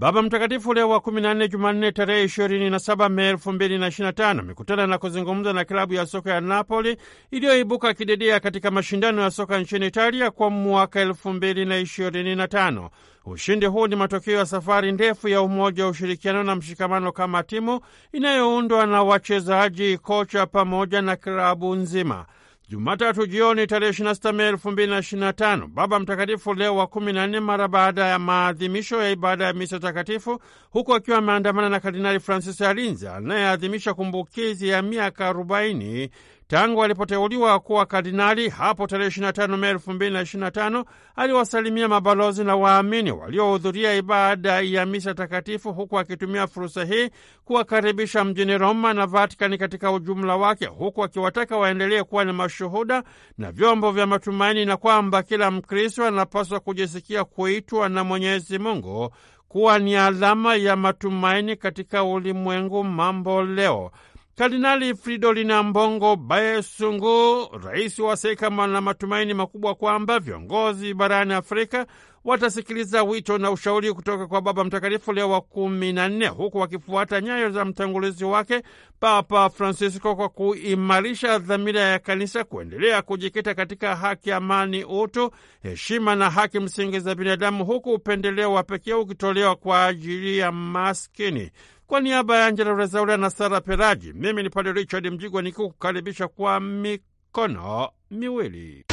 Baba Mtakatifu Leo wa 14 Jumanne tarehe 27 Mei 2025 amekutana na kuzungumza na klabu ya soka ya Napoli iliyoibuka kidedea katika mashindano ya soka nchini Italia kwa mwaka 2025. Ushindi huu ni matokeo ya safari ndefu ya umoja wa ushirikiano na mshikamano kama timu inayoundwa na wachezaji, kocha pamoja na klabu nzima. Jumatatu jioni tarehe 26 Mei 2025, Baba Mtakatifu Leo wa 14 mara baada ya maadhimisho ya ibada ya misa takatifu, huku akiwa ameandamana na Kardinali Francis Arinza anayeadhimisha kumbukizi ya miaka 40 Tangu alipoteuliwa kuwa kardinali hapo tarehe 25 Mei 2025, aliwasalimia mabalozi na waamini waliohudhuria ibada ya misa takatifu, huku akitumia fursa hii kuwakaribisha mjini Roma na Vatikani katika ujumla wake, huku akiwataka waendelee kuwa ni mashuhuda na vyombo vya matumaini, na kwamba kila Mkristo anapaswa kujisikia kuitwa na Mwenyezi Mungu kuwa ni alama ya matumaini katika ulimwengu mambo leo. Kardinali Fridolin Ambongo Baesungu, rais wa Seka, na matumaini makubwa kwamba viongozi barani Afrika watasikiliza wito na ushauri kutoka kwa Baba Mtakatifu Leo wa kumi na nne, huku wakifuata nyayo za mtangulizi wake Papa Francisco kwa kuimarisha dhamira ya kanisa kuendelea kujikita katika haki, amani, utu, heshima na haki msingi za binadamu, huku upendeleo wa pekee ukitolewa kwa ajili ya maskini. Kwa niaba ya Angela Rezaula na Sara Peraji, mimi ni Padre Richard Mjigwa nikikukaribisha kwa mikono miwili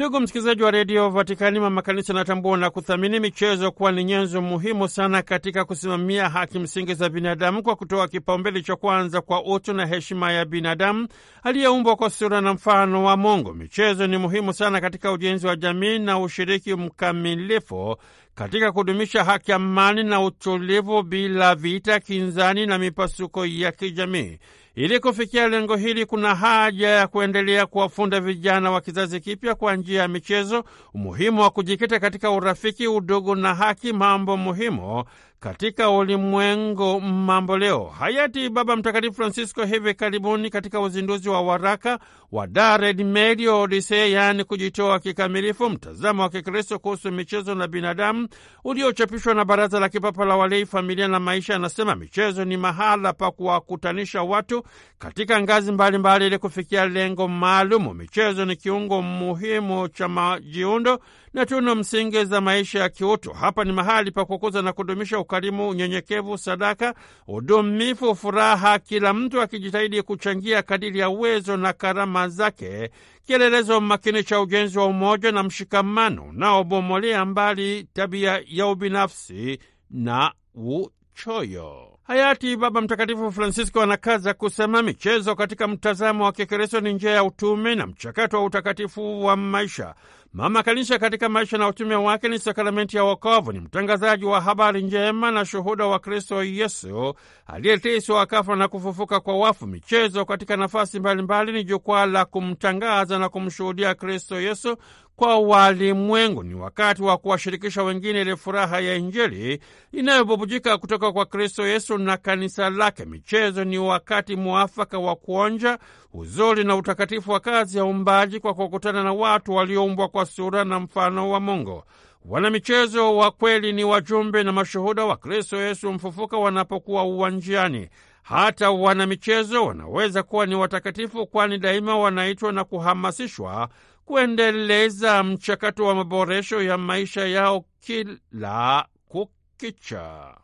Ndugu msikilizaji wa redio Vatikani, mama kanisa anatambua na kuthamini michezo kuwa ni nyenzo muhimu sana katika kusimamia haki msingi za binadamu kwa kutoa kipaumbele cha kwanza kwa utu na heshima ya binadamu aliyeumbwa kwa sura na mfano wa Mungu. Michezo ni muhimu sana katika ujenzi wa jamii na ushiriki mkamilifu katika kudumisha haki, amani na utulivu bila vita, kinzani na mipasuko ya kijamii. Ili kufikia lengo hili, kuna haja ya kuendelea kuwafunda vijana wa kizazi kipya kwa njia ya michezo, umuhimu wa kujikita katika urafiki, udugu na haki, mambo muhimu katika ulimwengu mambo leo. Hayati Baba Mtakatifu Francisco hivi karibuni katika uzinduzi wa waraka wa Dare Medio Odisee, yaani kujitoa kikamilifu, mtazamo wa Kikristo kuhusu michezo na binadamu, uliochapishwa na Baraza la Kipapa la Walei, Familia na Maisha, anasema michezo ni mahala pa kuwakutanisha watu katika ngazi mbalimbali ili kufikia lengo maalumu. Michezo ni kiungo muhimu cha majiundo na tunu msingi za maisha ya kiutu. Hapa ni mahali pa kukuza na kudumisha ukarimu, unyenyekevu, sadaka, udumifu, furaha, kila mtu akijitahidi kuchangia kadiri ya uwezo na karama zake, kielelezo makini cha ujenzi wa umoja na mshikamano unaobomolea mbali tabia ya ubinafsi na uchoyo. Hayati Baba Mtakatifu Francisco anakaza kusema michezo katika mtazamo wa Kikristo ni njia ya utume na mchakato wa utakatifu wa maisha. Mama Kanisa katika maisha na utume wake ni sakramenti ya wokovu. Ni mtangazaji wa habari njema na shuhuda wa Kristo Yesu aliyeteswa, akafa na kufufuka kwa wafu. Michezo katika nafasi mbalimbali ni jukwaa la kumtangaza na kumshuhudia Kristo Yesu kwa walimwengu. Ni wakati wa kuwashirikisha wengine ile furaha ya Injili inayobubujika kutoka kwa Kristo Yesu na kanisa lake. Michezo ni wakati mwafaka wa kuonja uzuri na utakatifu wa kazi ya umbaji kwa kukutana na watu walioumbwa kwa kwa sura na mfano wa Mungu. Wanamichezo wa kweli ni wajumbe na mashuhuda wa Kristo Yesu mfufuka wanapokuwa uwanjani. Hata wanamichezo wanaweza kuwa ni watakatifu, kwani daima wanaitwa na kuhamasishwa kuendeleza mchakato wa maboresho ya maisha yao kila kukicha.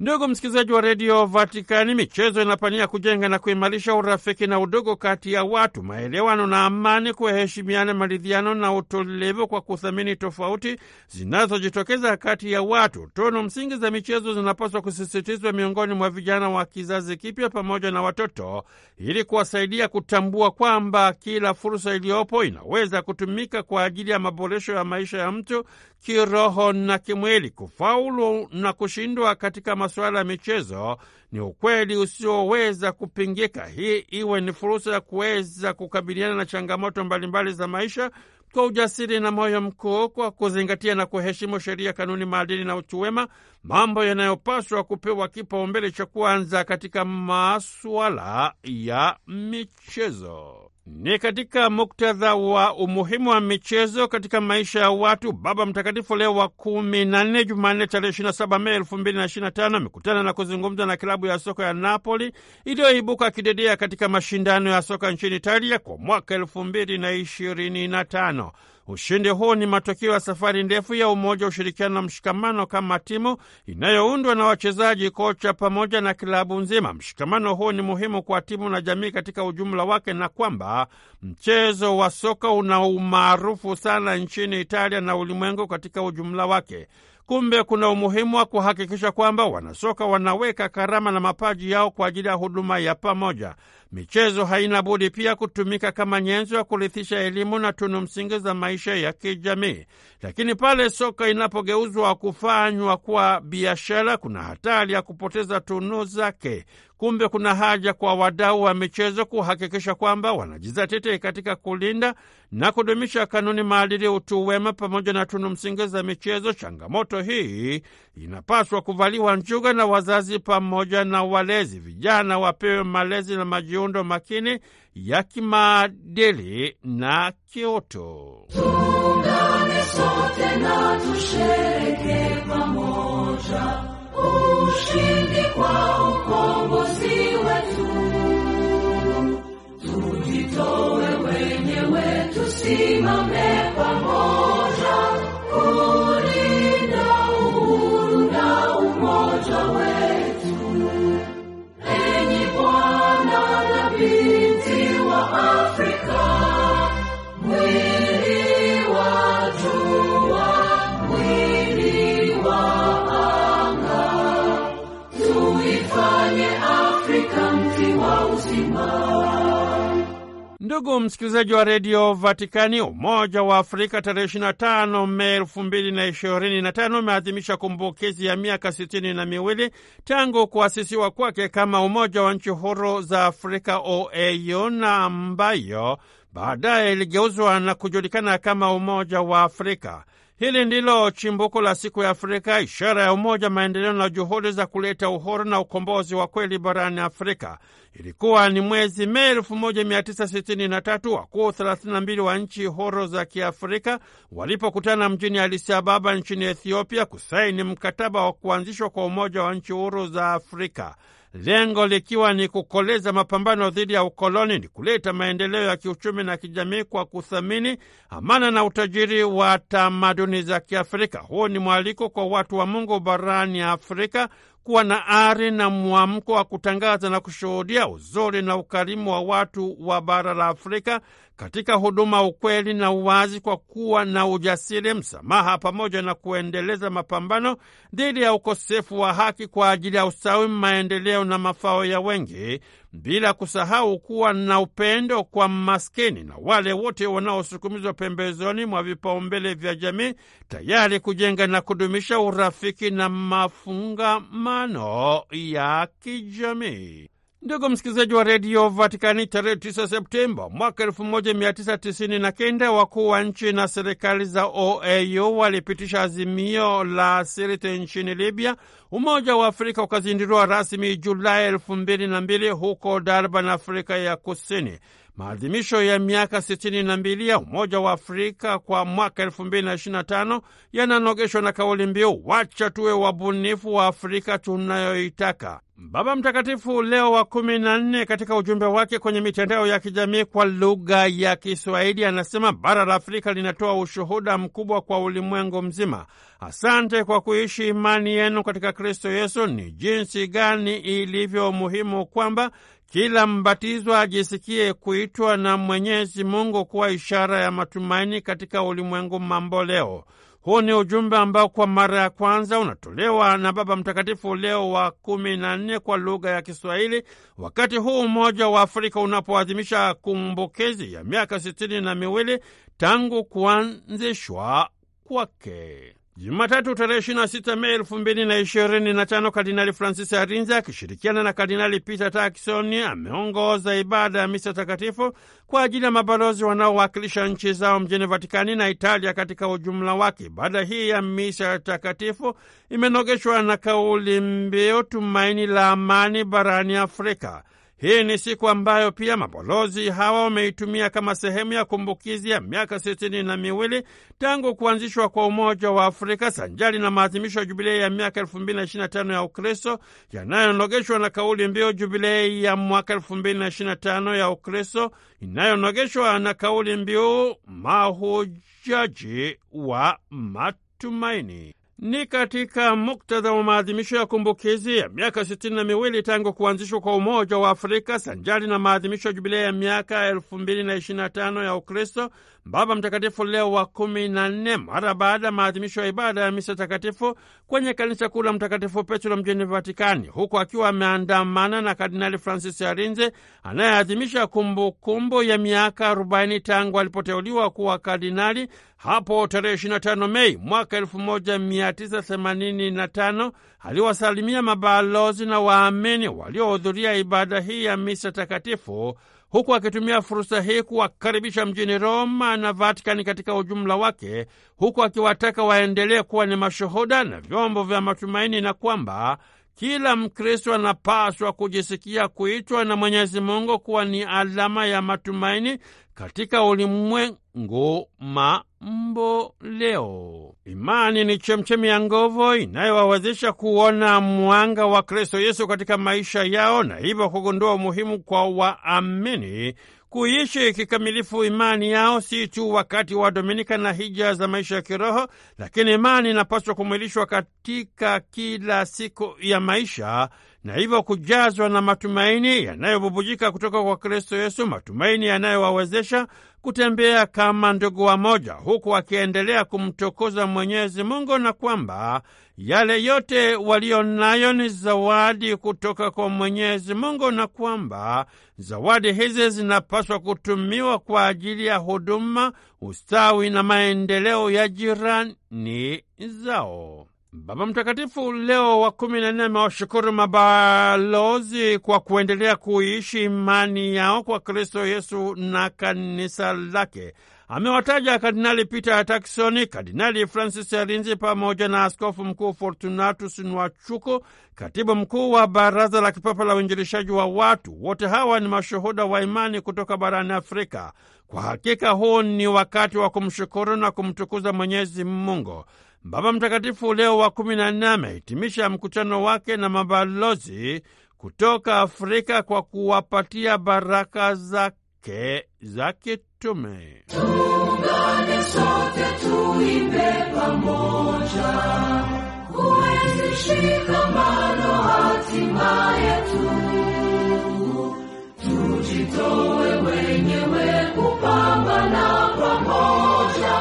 Ndugu msikilizaji wa redio Vatikani, michezo inapania kujenga na kuimarisha urafiki na udugu kati ya watu, maelewano na amani, kuheshimiana, maridhiano na utulivu, kwa kuthamini tofauti zinazojitokeza kati ya watu. Tunu msingi za michezo zinapaswa kusisitizwa miongoni mwa vijana wa kizazi kipya pamoja na watoto, ili kuwasaidia kutambua kwamba kila fursa iliyopo inaweza kutumika kwa ajili ya maboresho ya maisha ya mtu kiroho na kimwili. Kufaulu na kushindwa katika masuala ya michezo ni ukweli usioweza kupingika. Hii iwe ni fursa ya kuweza kukabiliana na changamoto mbalimbali za maisha kwa ujasiri na moyo mkuu, kwa kuzingatia na kuheshimu sheria, kanuni, maadili na utu wema, mambo yanayopaswa kupewa kipaumbele cha kwanza katika masuala ya michezo. Ni katika muktadha wa umuhimu wa michezo katika maisha ya watu, Baba Mtakatifu Leo wa kumi na nne, Jumanne tarehe 27 Mei elfu mbili na na tano amekutana na kuzungumza na klabu ya soka ya Napoli iliyoibuka kidedea katika mashindano ya soka nchini Italia kwa mwaka elfu mbili na ishirini na tano. Ushindi huu ni matokeo ya safari ndefu ya umoja, ushirikiano na mshikamano kama timu inayoundwa na wachezaji, kocha pamoja na klabu nzima. Mshikamano huu ni muhimu kwa timu na jamii katika ujumla wake, na kwamba mchezo wa soka una umaarufu sana nchini Italia na ulimwengu katika ujumla wake. Kumbe kuna umuhimu wa kuhakikisha kwamba wanasoka wanaweka karama na mapaji yao kwa ajili ya huduma ya pamoja. Michezo haina budi pia kutumika kama nyenzo ya kurithisha elimu na tunu msingi za maisha ya kijamii. Lakini pale soka inapogeuzwa kufanywa kwa biashara, kuna hatari ya kupoteza tunu zake. Kumbe kuna haja kwa wadau wa michezo kuhakikisha kwamba wanajizatiti katika kulinda na kudumisha kanuni, maadili, utu wema pamoja na tunu msingi za michezo. Changamoto hii inapaswa kuvaliwa njuga na wazazi pamoja na walezi. Vijana wapewe malezi na maji miundo makini ya kimaadili na kiutu. Tuungane sote na tushereke pamoja ushindi kwa ukombozi wetu, tujitowe wenyewe, tusimame pamoja Ndugu msikilizaji wa redio Vatikani, Umoja wa Afrika tarehe 25 Mei 2025 umeadhimisha kumbukizi ya miaka sitini na miwili tangu kuasisiwa kwake kama Umoja wa Nchi Huru za Afrika OAU, na ambayo baadaye iligeuzwa na kujulikana kama Umoja wa Afrika. Hili ndilo chimbuko la siku ya Afrika, ishara ya umoja, maendeleo na juhudi za kuleta uhuru na ukombozi wa kweli barani Afrika. Ilikuwa ni mwezi Mei 1963 wakuu 32 wa nchi huru za Kiafrika walipokutana mjini Addis Ababa nchini Ethiopia kusaini mkataba wa kuanzishwa kwa umoja wa nchi huru za Afrika lengo likiwa ni kukoleza mapambano dhidi ya ukoloni, ni kuleta maendeleo ya kiuchumi na kijamii kwa kuthamini amana na utajiri wa tamaduni za Kiafrika. Huu ni mwaliko kwa watu wa Mungu barani Afrika kuwa na ari na mwamko wa kutangaza na kushuhudia uzuri na ukarimu wa watu wa bara la Afrika katika huduma, ukweli na uwazi, kwa kuwa na ujasiri, msamaha, pamoja na kuendeleza mapambano dhidi ya ukosefu wa haki kwa ajili ya usawi, maendeleo na mafao ya wengi bila kusahau kuwa na upendo kwa maskini na wale wote wanaosukumizwa pembezoni mwa vipaumbele vya jamii, tayari kujenga na kudumisha urafiki na mafungamano ya kijamii. Ndugu msikilizaji wa redio Vatikani, tarehe 9 Septemba mwaka 1999 wakuu wa nchi na serikali za OAU walipitisha azimio la Sirte nchini Libya. Umoja wa Afrika ukazinduliwa rasmi Julai 2002 huko Durban, Afrika ya Kusini. Maadhimisho ya miaka 62 ya Umoja wa Afrika kwa mwaka 2025 yananogeshwa na kauli mbiu wacha tuwe wabunifu wa Afrika tunayoitaka. Baba Mtakatifu Leo wa 14 katika ujumbe wake kwenye mitandao ya kijamii kwa lugha ya Kiswahili anasema bara la Afrika linatoa ushuhuda mkubwa kwa ulimwengu mzima. Asante kwa kuishi imani yenu katika Kristo Yesu. Ni jinsi gani ilivyo muhimu kwamba kila mbatizwa ajisikie kuitwa na Mwenyezi Mungu kuwa ishara ya matumaini katika ulimwengu mambo leo Huu ni ujumbe ambao kwa mara ya kwanza unatolewa na Baba Mtakatifu Leo wa kumi na nne kwa lugha ya Kiswahili, wakati huu Umoja wa Afrika unapoadhimisha kumbukizi ya miaka sitini na miwili tangu kuanzishwa kwake. Jumatatu tarehe 26 Mei 2025, Kardinali Francis Arinza akishirikiana na Kardinali Peter takisoni ameongoza ibada ya misa takatifu kwa ajili ya mabalozi wanaowakilisha nchi zao mjini Vatikani na Italia katika ujumla wake. Ibada hii ya misa takatifu imenogeshwa na kauli mbiu tumaini la amani barani Afrika. Hii ni siku ambayo pia mabalozi hawa wameitumia kama sehemu ya kumbukizi ya miaka sitini na miwili tangu kuanzishwa kwa Umoja wa Afrika sanjari na maadhimisho ya jubilei ya miaka elfu mbili na ishirini na tano ya Ukristo yanayonogeshwa na kauli mbiu jubilei ya mwaka elfu mbili na ishirini na tano ya Ukristo inayonogeshwa na kauli mbiu mahujaji wa matumaini ni katika muktadha wa maadhimisho ya kumbukizi ya miaka sitini na miwili tangu kuanzishwa kwa Umoja wa Afrika sanjari na maadhimisho ya jubilia ya miaka elfu mbili na ishirini na tano ya Ukristo, Baba Mtakatifu Leo wa kumi na nne, mara baada ya maadhimisho ya ibada ya misa takatifu kwenye kanisa kuu la Mtakatifu Petro mjini Vatikani, huku akiwa ameandamana na Kardinali Francis Arinze anayeadhimisha kumbukumbu ya miaka 40 tangu alipoteuliwa kuwa kardinali hapo tarehe 25 Mei mwaka 1985 aliwasalimia mabalozi na waamini waliohudhuria ibada hii ya misa takatifu huku akitumia fursa hii kuwakaribisha mjini Roma na Vatikani katika ujumla wake, huku akiwataka waendelee kuwa ni mashuhuda na vyombo vya matumaini na kwamba kila Mkristo anapaswa kujisikia kuitwa na Mwenyezi Mungu kuwa ni alama ya matumaini katika ulimwengu ma mboleo. Imani ni chemchemi ya nguvu inayowawezesha kuona mwanga wa Kristo Yesu katika maisha yao na hivyo kugundua umuhimu kwa waamini kuishi kikamilifu imani yao, si tu wakati wa Dominika na hija za maisha ya kiroho, lakini imani inapaswa kumwilishwa katika kila siku ya maisha na hivyo kujazwa na matumaini yanayobubujika kutoka kwa Kristo Yesu, matumaini yanayowawezesha kutembea kama ndugu wamoja, huku wakiendelea kumtukuza Mwenyezi Mungu, na kwamba yale yote walio nayo ni zawadi kutoka kwa Mwenyezi Mungu, na kwamba zawadi hizi zinapaswa kutumiwa kwa ajili ya huduma, ustawi na maendeleo ya jirani zao. Baba Mtakatifu Leo wa kumi na nne amewashukuru mabalozi kwa kuendelea kuishi imani yao kwa Kristo Yesu na kanisa lake. Amewataja Kardinali Peter takisoni Kardinali Francis Arinzi pamoja na Askofu Mkuu Fortunatus Nwachuku, katibu mkuu wa Baraza la Kipapa la Uinjilishaji wa Watu. Wote hawa ni mashuhuda wa imani kutoka barani Afrika. Kwa hakika huu ni wakati wa kumshukuru na kumtukuza Mwenyezi Mungu. Baba Mtakatifu Leo wa kumi na nne amehitimisha mkutano wake na mabalozi kutoka Afrika kwa kuwapatia baraka zake za kitume. Tuungane sote tuimbe pamoja, shikamano hatima yetu, tujitoe wenyewe kupambana pamoja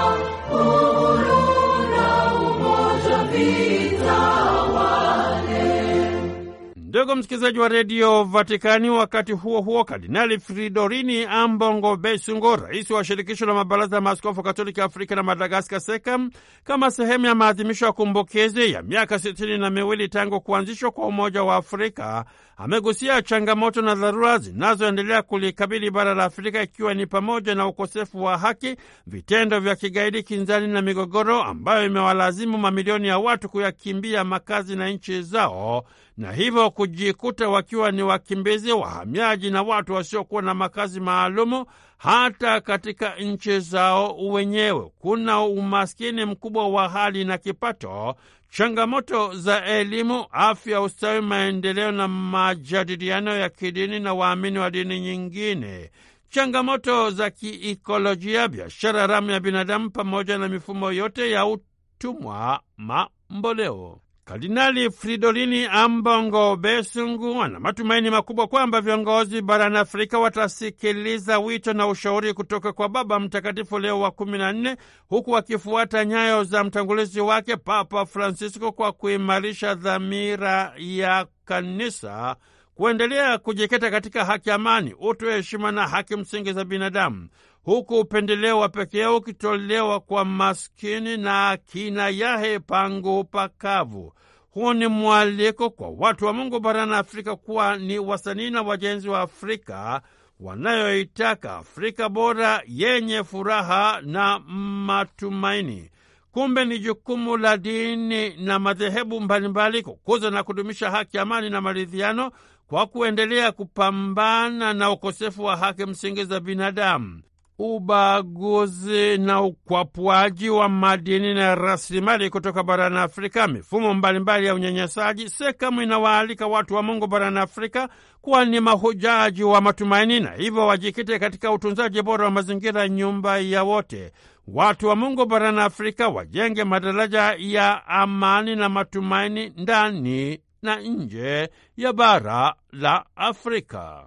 Ndugu msikilizaji wa redio Vatikani, wakati huo huo, Kardinali Fridorini Ambongo Besungo, rais wa shirikisho la mabaraza ya maaskofu katoliki Afrika na Madagaskar, secam kama sehemu ya maadhimisho ya kumbukizi ya miaka sitini na miwili tangu kuanzishwa kwa Umoja wa Afrika amegusia changamoto na dharura zinazoendelea kulikabili bara la Afrika, ikiwa ni pamoja na ukosefu wa haki, vitendo vya kigaidi, kinzani na migogoro ambayo imewalazimu mamilioni ya watu kuyakimbia makazi na nchi zao na hivyo kujikuta wakiwa ni wakimbizi, wahamiaji na watu wasiokuwa na makazi maalumu hata katika nchi zao wenyewe. Kuna umaskini mkubwa wa hali na kipato Changamoto za elimu, afya, ustawi, maendeleo na majadiliano ya kidini na waamini wa dini nyingine, changamoto za kiikolojia, biashara haramu ya binadamu, pamoja na mifumo yote ya utumwa mamboleo. Kardinali Fridolini Ambongo Besungu ana matumaini makubwa kwamba viongozi barani Afrika watasikiliza wito na ushauri kutoka kwa Baba Mtakatifu Leo wa kumi na nne, huku wakifuata nyayo za mtangulizi wake Papa Francisco kwa kuimarisha dhamira ya kanisa kuendelea kujikita katika haki, amani, utu, heshima na haki msingi za binadamu huku upendeleo wa pekee ukitolewa kwa maskini na akina yahe pangu pakavu. Huu ni mwaliko kwa watu wa Mungu barani Afrika kuwa ni wasanii na wajenzi wa Afrika wanayoitaka Afrika bora yenye furaha na matumaini. Kumbe ni jukumu la dini na madhehebu mbalimbali kukuza na kudumisha haki, amani na maridhiano kwa kuendelea kupambana na ukosefu wa haki msingi za binadamu ubaguzi na ukwapuaji wa madini na rasilimali kutoka barani Afrika, mifumo mbalimbali ya unyanyasaji. Sekamu inawaalika watu wa Mungu barani Afrika kuwa ni mahujaji wa matumaini na hivyo wajikite katika utunzaji bora wa mazingira, nyumba ya wote. Watu wa Mungu barani Afrika wajenge madaraja ya amani na matumaini ndani na nje ya bara la Africa.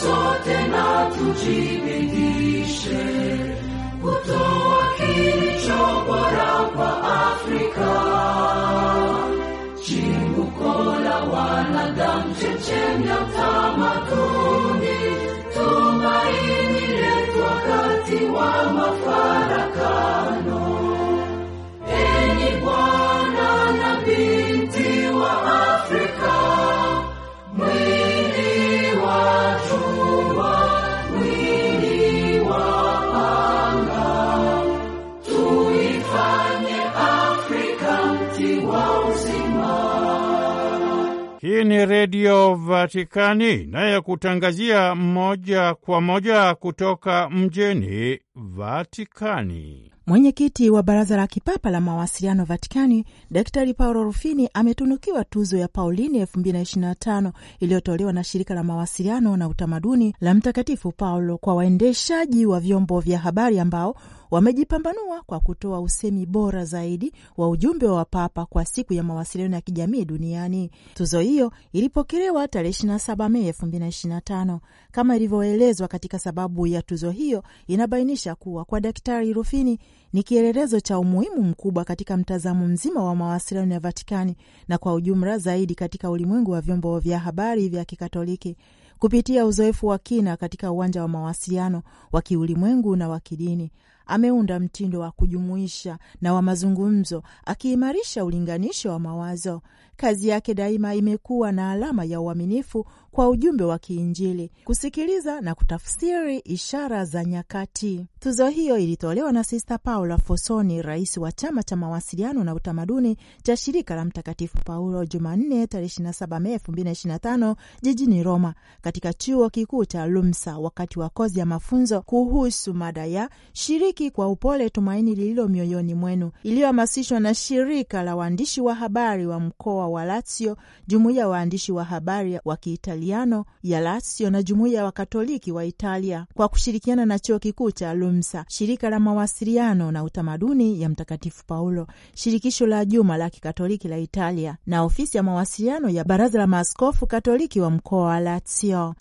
sote na kutoa kwa Afrika. Chimbuko la wanadamu, chemchemi ya tumaini letu wakati wa Vatikani inayekutangazia moja kwa moja kutoka mjini Vatikani. Mwenyekiti wa Baraza la Kipapa la Mawasiliano Vatikani, Daktari Paolo Rufini ametunukiwa tuzo ya Paulini 2025 iliyotolewa na Shirika la Mawasiliano na Utamaduni la Mtakatifu Paulo kwa waendeshaji wa vyombo vya habari ambao wamejipambanua kwa kutoa usemi bora zaidi wa ujumbe wa Papa kwa siku ya mawasiliano ya kijamii duniani. Tuzo hiyo ilipokelewa tarehe 27 Mei 2025. Kama ilivyoelezwa katika sababu ya tuzo hiyo, inabainisha kuwa kwa Daktari Rufini ni kielelezo cha umuhimu mkubwa katika mtazamo mzima wa mawasiliano ya Vatikani na kwa ujumla zaidi katika ulimwengu wa vyombo vya habari vya Kikatoliki kupitia uzoefu wa kina katika uwanja wa mawasiliano wa kiulimwengu na wa kidini ameunda mtindo wa kujumuisha na wa mazungumzo, akiimarisha ulinganisho wa mawazo kazi yake daima imekuwa na alama ya uaminifu kwa ujumbe wa kiinjili, kusikiliza na kutafsiri ishara za nyakati. Tuzo hiyo ilitolewa na Sista Paula Fosoni, rais wa chama cha mawasiliano na utamaduni cha shirika la Mtakatifu Paulo, Jumanne tarehe 27 Mei 2025 jijini Roma, katika chuo kikuu cha Lumsa, wakati wa kozi ya mafunzo kuhusu mada ya shiriki kwa upole tumaini lililo mioyoni mwenu, iliyohamasishwa na shirika la waandishi wa habari wa mkoa wa Lazio, jumuiya ya waandishi wa habari wa Kiitaliano ya Lazio na jumuiya ya Wakatoliki wa Italia kwa kushirikiana na chuo kikuu cha LUMSA, shirika la mawasiliano na utamaduni ya Mtakatifu Paulo, shirikisho la juma la kikatoliki la Italia na ofisi ya mawasiliano ya Baraza la Maaskofu Katoliki wa mkoa wa Lazio.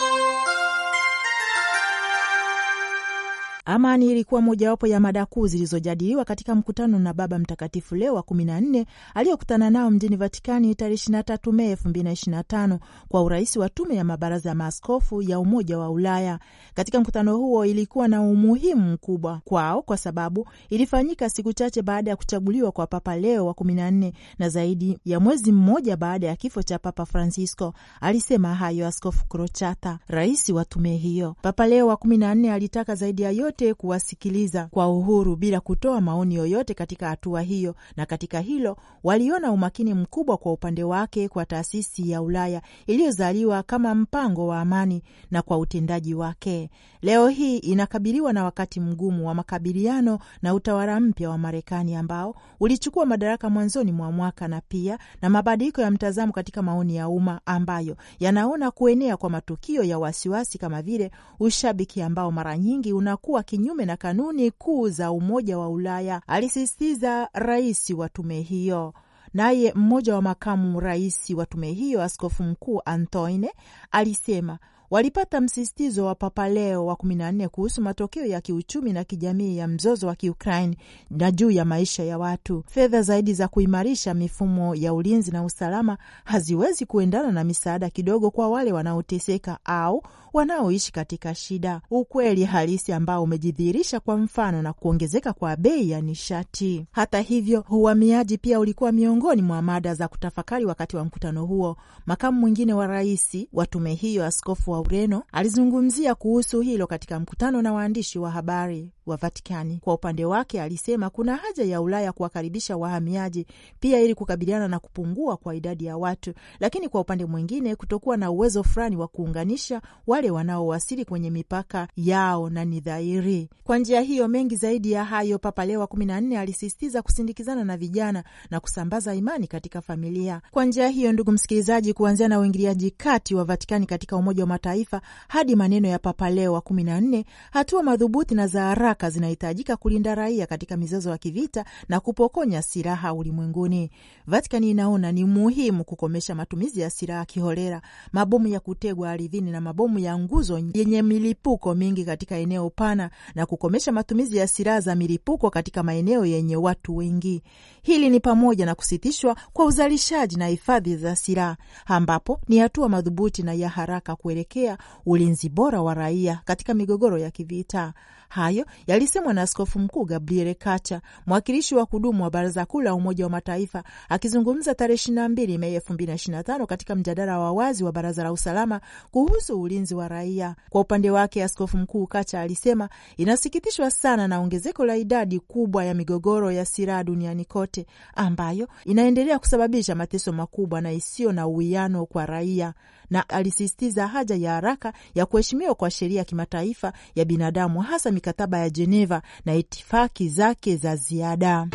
Amani ilikuwa mojawapo ya mada kuu zilizojadiliwa katika mkutano na Baba Mtakatifu Leo wa 14 aliyokutana nao mjini Vatikani tarehe 23 Mei elfu kwa urais wa tume ya mabaraza ya maaskofu ya Umoja wa Ulaya. Katika mkutano huo ilikuwa na umuhimu mkubwa kwao kwa sababu ilifanyika siku chache baada ya kuchaguliwa kwa Papa Leo wa 14 na zaidi ya mwezi mmoja baada ya kifo cha Papa Francisco, alisema hayo Askofu crochata rais wa tume hiyo. Papa Leo wa kumi na nne alitaka zaidi ya yote wote kuwasikiliza kwa uhuru bila kutoa maoni yoyote katika hatua hiyo, na katika hilo waliona umakini mkubwa kwa upande wake kwa taasisi ya Ulaya iliyozaliwa kama mpango wa amani na kwa utendaji wake. Leo hii inakabiliwa na wakati mgumu wa makabiliano na utawala mpya wa Marekani ambao ulichukua madaraka mwanzoni mwa mwaka na pia na mabadiliko ya mtazamo katika maoni ya umma ambayo yanaona kuenea kwa matukio ya wasiwasi kama vile ushabiki ambao mara nyingi unakuwa kinyume na kanuni kuu za Umoja wa Ulaya, alisisitiza rais wa tume hiyo. Naye mmoja wa makamu rais wa tume hiyo, askofu mkuu Antoine, alisema walipata msisitizo wa Papa Leo wa 14 kuhusu matokeo ya kiuchumi na kijamii ya mzozo wa Kiukraini na juu ya maisha ya watu. Fedha zaidi za kuimarisha mifumo ya ulinzi na usalama haziwezi kuendana na misaada kidogo kwa wale wanaoteseka au wanaoishi katika shida, ukweli halisi ambao umejidhihirisha kwa mfano na kuongezeka kwa bei ya nishati. Hata hivyo, uhamiaji pia ulikuwa miongoni mwa mada za kutafakari wakati wa mkutano huo. Makamu mwingine wa rais wa tume hiyo, askofu wa Ureno, alizungumzia kuhusu hilo katika mkutano na waandishi wa habari wa Vatikani kwa upande wake alisema kuna haja ya Ulaya kuwakaribisha wahamiaji pia ili kukabiliana na kupungua kwa idadi ya watu, lakini kwa upande mwingine kutokuwa na uwezo fulani wa kuunganisha wale wanaowasili kwenye mipaka yao, na ni dhahiri kwa njia hiyo mengi zaidi ya hayo. Papa Leo wa kumi na nne alisisitiza kusindikizana na vijana na kusambaza imani katika familia. Kwa njia hiyo, ndugu msikilizaji, kuanzia na uingiliaji kati wa Vatikani katika Umoja wa Mataifa hadi maneno ya Papa Leo wa kumi na nne, hatua madhubuti na za haraka haraka zinahitajika kulinda raia katika mizozo ya kivita na kupokonya silaha ulimwenguni. Vatikani inaona ni muhimu kukomesha matumizi ya silaha kiholela, mabomu ya kutegwa ardhini na mabomu ya nguzo yenye milipuko mingi katika eneo pana, na kukomesha matumizi ya silaha za milipuko katika maeneo yenye watu wengi. Hili ni pamoja na kusitishwa kwa uzalishaji na hifadhi za silaha, ambapo ni hatua madhubuti na ya haraka kuelekea ulinzi bora wa raia katika migogoro ya kivita. Hayo yalisemwa na askofu mkuu Gabriele Kacha, mwakilishi wa kudumu wa Baraza Kuu la Umoja wa Mataifa, akizungumza tarehe ishirini na mbili Mei elfu mbili na na tano katika mjadala wa wazi wa Baraza la Usalama kuhusu ulinzi wa raia. Kwa upande wake, askofu mkuu Kacha alisema inasikitishwa sana na ongezeko la idadi kubwa ya migogoro ya silaha duniani kote ambayo inaendelea kusababisha mateso makubwa na isiyo na uwiano kwa raia, na alisisitiza haja ya haraka ya kuheshimiwa kwa sheria ya kimataifa ya binadamu hasa mikataba ya Geneva na itifaki zake za ziada.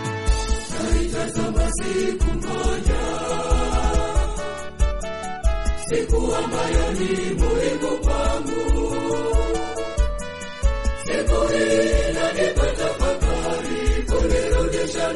Siku ambayo ni muhimu kwangu, siku hii kunirudisha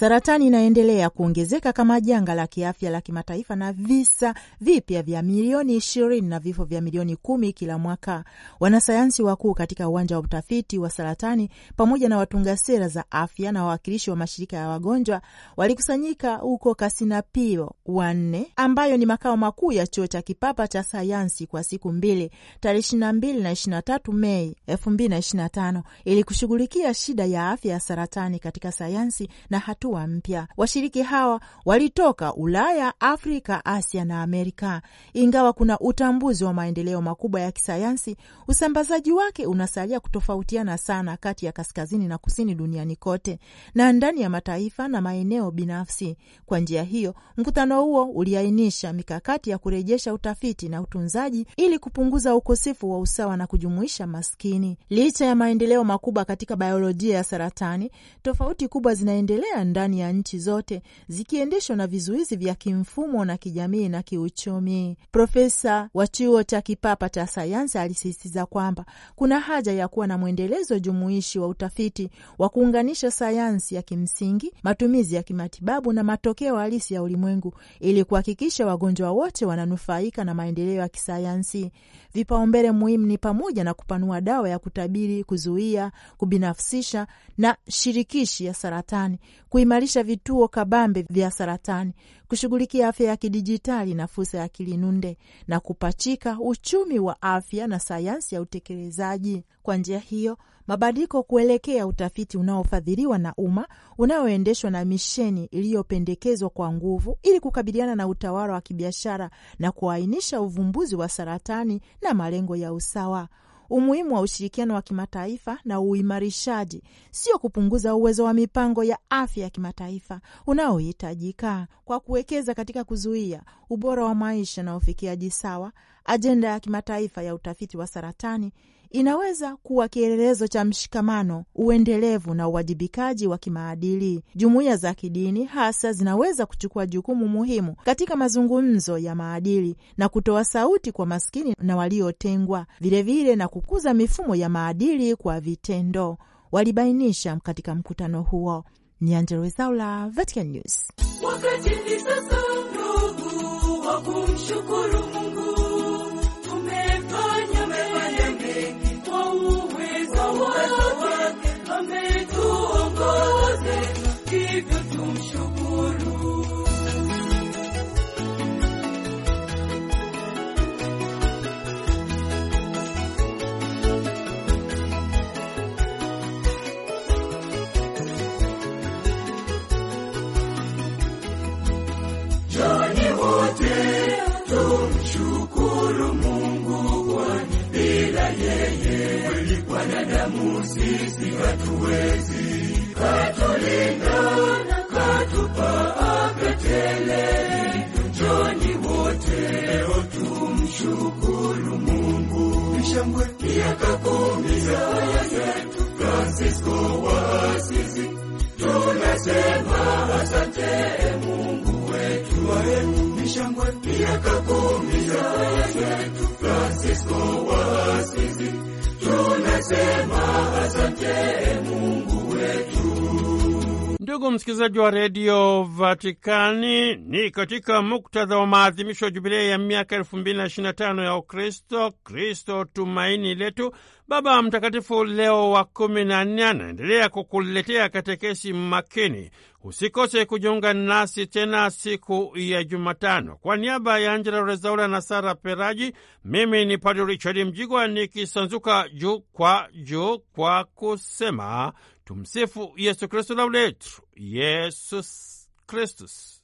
Saratani inaendelea kuongezeka kama janga la kiafya la kimataifa na visa vipya vya milioni ishirini na vifo vya milioni kumi kila mwaka. Wanasayansi wakuu katika uwanja wa utafiti wa saratani pamoja na watunga sera za afya na wawakilishi wa mashirika ya wagonjwa walikusanyika huko Kasinapio wanne, ambayo ni makao makuu ya chuo cha kipapa cha sayansi kwa siku mbili, tarehe ishirini na mbili na ishirini na tatu Mei elfu mbili na ishirini na tano ili kushughulikia shida ya afya ya saratani katika sayansi na hatu hatua mpya. Washiriki hawa walitoka Ulaya, Afrika, Asia na Amerika. Ingawa kuna utambuzi wa maendeleo makubwa ya kisayansi, usambazaji wake unasalia kutofautiana sana kati ya kaskazini na kusini duniani kote na ndani ya mataifa na maeneo binafsi. Kwa njia hiyo, mkutano huo uliainisha mikakati ya kurejesha utafiti na utunzaji ili kupunguza ukosefu wa usawa na kujumuisha maskini. Licha ya maendeleo makubwa katika biolojia ya saratani, tofauti kubwa zinaendelea ndani ya nchi zote zikiendeshwa na vizuizi vya kimfumo na kijamii na kiuchumi. Profesa wa chuo cha kipapa cha sayansi alisisitiza kwamba kuna haja ya kuwa na mwendelezo jumuishi wa utafiti wa kuunganisha sayansi ya kimsingi, matumizi ya kimatibabu na matokeo halisi ya ulimwengu ili kuhakikisha wagonjwa wote wananufaika na maendeleo ya kisayansi. Vipaumbele muhimu ni pamoja na kupanua dawa ya kutabiri, kuzuia, kubinafsisha na shirikishi ya saratani, kui kuimarisha vituo kabambe vya saratani, kushughulikia afya ya kidijitali na fursa ya kilinunde na kupachika uchumi wa afya na sayansi ya utekelezaji. Kwa njia hiyo, mabadiliko kuelekea utafiti unaofadhiliwa na umma unaoendeshwa na misheni iliyopendekezwa kwa nguvu ili kukabiliana na utawala wa kibiashara na kuainisha uvumbuzi wa saratani na malengo ya usawa umuhimu wa ushirikiano wa kimataifa na uimarishaji, sio kupunguza uwezo wa mipango ya afya ya kimataifa unaohitajika kwa kuwekeza katika kuzuia ubora wa maisha na ufikiaji sawa, ajenda ya kimataifa ya utafiti wa saratani inaweza kuwa kielelezo cha mshikamano, uendelevu na uwajibikaji wa kimaadili. Jumuiya za kidini hasa zinaweza kuchukua jukumu muhimu katika mazungumzo ya maadili na kutoa sauti kwa maskini na waliotengwa, vilevile na kukuza mifumo ya maadili kwa vitendo, walibainisha katika mkutano huo. Ni Angella Rwezaula, Vatican News. Wakati ni sasa, ndugu wa kumshukuru hatuwezi katulinda na katupa afya tele. Njoni wote leo tumshukuru Mungu. Mshangwe miaka kumi ya yetu Francisco wa Asizi, tunasema asante Mungu wetu. Mshangwe miaka kumi ya yetu Francisco Nimesema asante Ndugu msikilizaji wa redio Vatikani, ni katika muktadha wa maadhimisho ya jubilei ya miaka 225 ya Ukristo, Kristo tumaini letu, Baba Mtakatifu Leo wa kumi anaendelea kukuletea katekesi makini. Usikose kujiunga nasi tena siku ya Jumatano. Kwa niaba ya Angela Rezaula na Sara Peraji, mimi ni Padre Richard Mjigwa nikisanzuka juu kwa juu kwa kusema Tumsifu Yesu Kristu, lauletu Yesus Kristus.